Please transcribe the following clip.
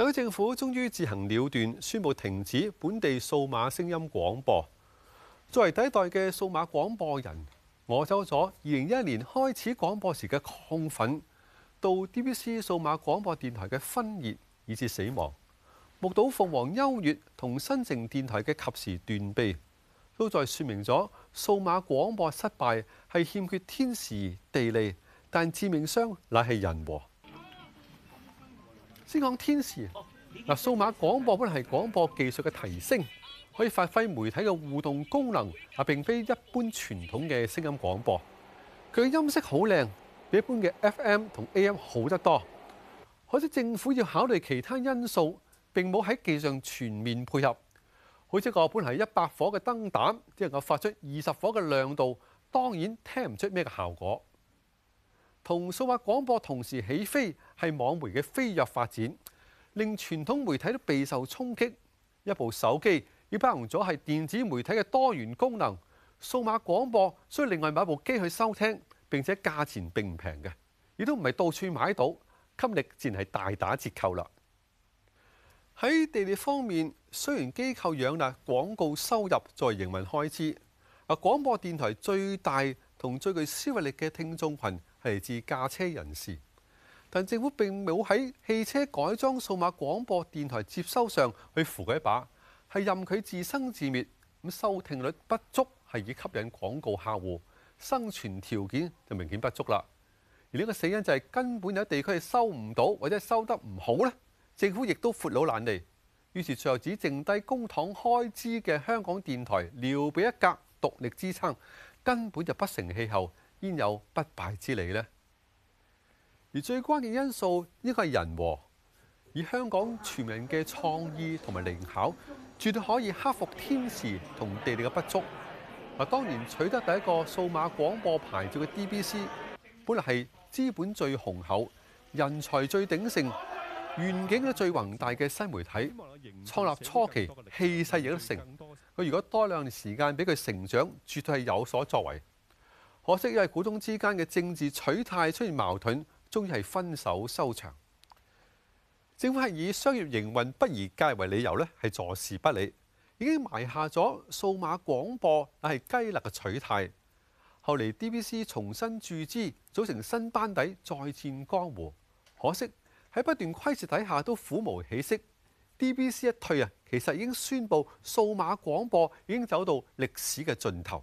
等政府終於自行了斷，宣布停止本地數碼聲音廣播。作為第一代嘅數碼廣播人，我走咗二零一一年開始廣播時嘅亢奮，到 DBC 數碼廣播電台嘅分裂，以至死亡。目睹鳳凰優越同新城電台嘅及時斷臂，都在説明咗數碼廣播失敗係欠缺天時地利，但致命傷乃係人和。先講天時嗱，數碼廣播本嚟係廣播技術嘅提升，可以發揮媒體嘅互動功能，啊並非一般傳統嘅聲音廣播。佢嘅音色好靚，比一般嘅 FM 同 AM 好得多。可惜政府要考慮其他因素，並冇喺技術上全面配合。好似個本係一百火嘅燈膽，只能夠發出二十火嘅亮度，當然聽唔出咩嘅效果。同數碼廣播同時起飛係網媒嘅飛躍發展，令傳統媒體都備受衝擊。一部手機已包含咗係電子媒體嘅多元功能，數碼廣播需要另外買部機去收聽，並且價錢並唔平嘅，亦都唔係到處買到。吸力自然係大打折扣啦。喺地理方面，雖然機構養納廣告收入作為營運開支，啊，廣播電台最大同最具消費力嘅聽眾群。係自駕車人士，但政府並冇喺汽車改裝數碼廣播電台接收上去扶佢一把，係任佢自生自滅。咁收聽率不足係以吸引廣告客戶，生存條件就明顯不足啦。而呢個死因就係、是、根本有地區收唔到，或者收得唔好呢，政府亦都闊佬懶理，於是最後只剩低公帑開支嘅香港電台，聊備一格獨力支撐，根本就不成氣候。應有不敗之理呢，而最關鍵的因素應該係人和，以香港全民嘅創意同埋靈巧，絕對可以克服天時同地利嘅不足。啊，當年取得第一個數碼廣播牌照嘅 DBC，本來係資本最雄厚、人才最鼎盛、願景咧最宏大嘅新媒體，創立初期氣勢亦都盛。佢如果多兩年時間俾佢成長，絕對係有所作為。可惜，因為股東之間嘅政治取態出現矛盾，終於係分手收場。政府係以商業營運不宜介為理由咧，係坐視不理，已經埋下咗數碼廣播但係雞肋嘅取態。後嚟 DBC 重新注資，組成新班底再戰江湖。可惜喺不斷虧蝕底下都苦無起色。DBC 一退啊，其實已經宣布數碼廣播已經走到歷史嘅盡頭。